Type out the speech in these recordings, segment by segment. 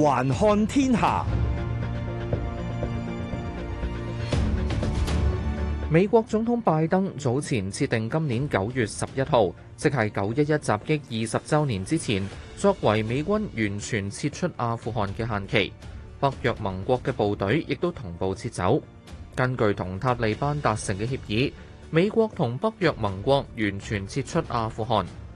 環看天下。美國總統拜登早前設定今年九月十一號，即係九一一襲擊二十周年之前，作為美軍完全撤出阿富汗嘅限期。北約盟國嘅部隊亦都同步撤走。根據同塔利班達成嘅協議，美國同北約盟國完全撤出阿富汗。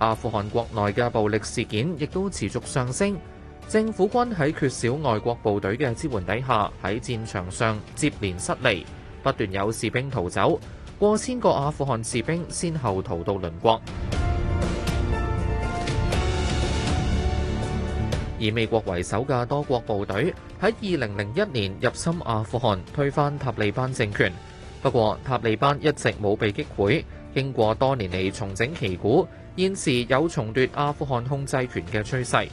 阿富汗國內嘅暴力事件亦都持續上升，政府軍喺缺少外國部隊嘅支援底下，喺戰場上接連失利，不斷有士兵逃走，過千個阿富汗士兵先後逃到鄰國。以美國為首嘅多國部隊喺二零零一年入侵阿富汗，推翻塔利班政權。不過，塔利班一直冇被擊潰，經過多年嚟重整旗鼓。現時有重奪阿富汗控制權嘅趨勢。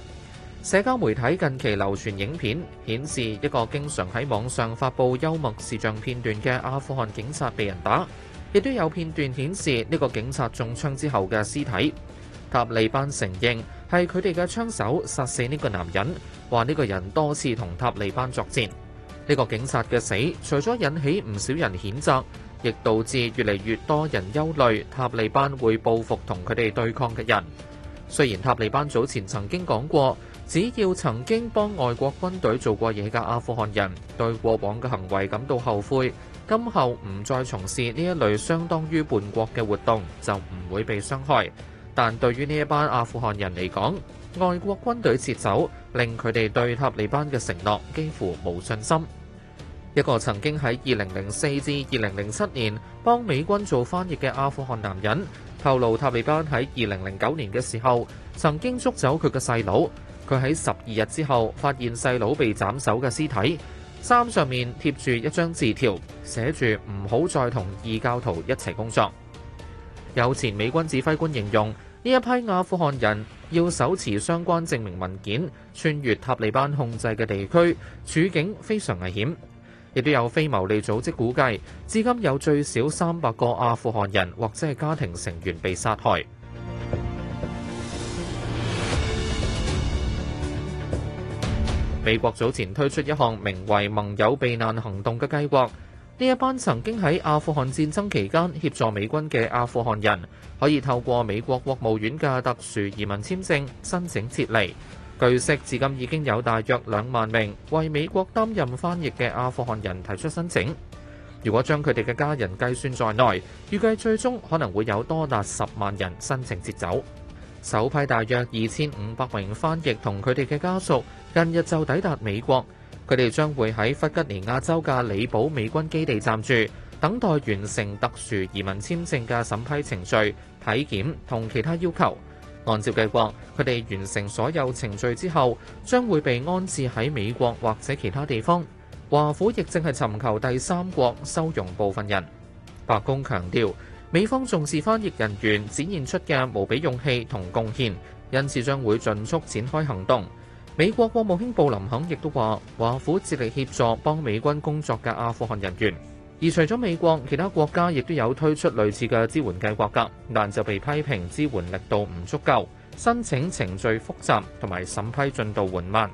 社交媒體近期流傳影片，顯示一個經常喺網上發布幽默視像片段嘅阿富汗警察被人打，亦都有片段顯示呢個警察中槍之後嘅屍體。塔利班承認係佢哋嘅槍手殺死呢個男人，話呢個人多次同塔利班作戰。呢個警察嘅死，除咗引起唔少人譴責。亦導致越嚟越多人憂慮塔利班會報復同佢哋對抗嘅人。雖然塔利班早前曾經講過，只要曾經幫外國軍隊做過嘢嘅阿富汗人對過往嘅行為感到後悔，今後唔再從事呢一類相當於叛國嘅活動，就唔會被傷害。但對於呢一班阿富汗人嚟講，外國軍隊撤走令佢哋對塔利班嘅承諾幾乎冇信心。一個曾經喺二零零四至二零零七年幫美軍做翻譯嘅阿富汗男人透露，塔利班喺二零零九年嘅時候曾經捉走佢嘅細佬。佢喺十二日之後發現細佬被斬首嘅屍體，衫上面貼住一張字條，寫住唔好再同異教徒一齊工作。有前美軍指揮官形容，呢一批阿富汗人要手持相關證明文件穿越塔利班控制嘅地區，處境非常危險。亦都有非牟利組織估計，至今有最少三百個阿富汗人或者係家庭成員被殺害。美國早前推出一項名為盟友避難行動嘅計劃，呢一班曾經喺阿富汗戰爭期間協助美軍嘅阿富汗人，可以透過美國國務院嘅特殊移民簽證申請撤離。據悉，至今已經有大約兩萬名為美國擔任翻譯嘅阿富汗人提出申請。如果將佢哋嘅家人計算在內，預計最終可能會有多達十萬人申請撤走。首批大約二千五百名翻譯同佢哋嘅家屬近日就抵達美國，佢哋將會喺弗吉尼亞州嘅里堡美軍基地暫住，等待完成特殊移民簽證嘅審批程序、體檢同其他要求。按照計劃，佢哋完成所有程序之後，將會被安置喺美國或者其他地方。華府亦正係尋求第三國收容部分人。白宮強調，美方重視翻譯人員展現出嘅無比勇氣同貢獻，因此將會盡速展開行動。美國國務卿布林肯亦都話，華府致力協助幫美軍工作嘅阿富汗人員。而除咗美國，其他國家亦都有推出類似嘅支援計劃㗎，但就被批評支援力度唔足夠，申請程序複雜同埋審批進度緩慢。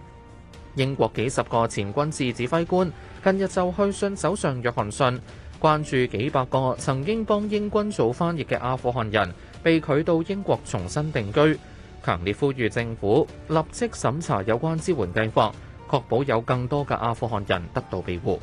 英國幾十個前軍事指揮官近日就去信首相約翰遜，關注幾百個曾經幫英軍做翻譯嘅阿富汗人被拒到英國重新定居，強烈呼籲政府立即審查有關支援計劃，確保有更多嘅阿富汗人得到庇護。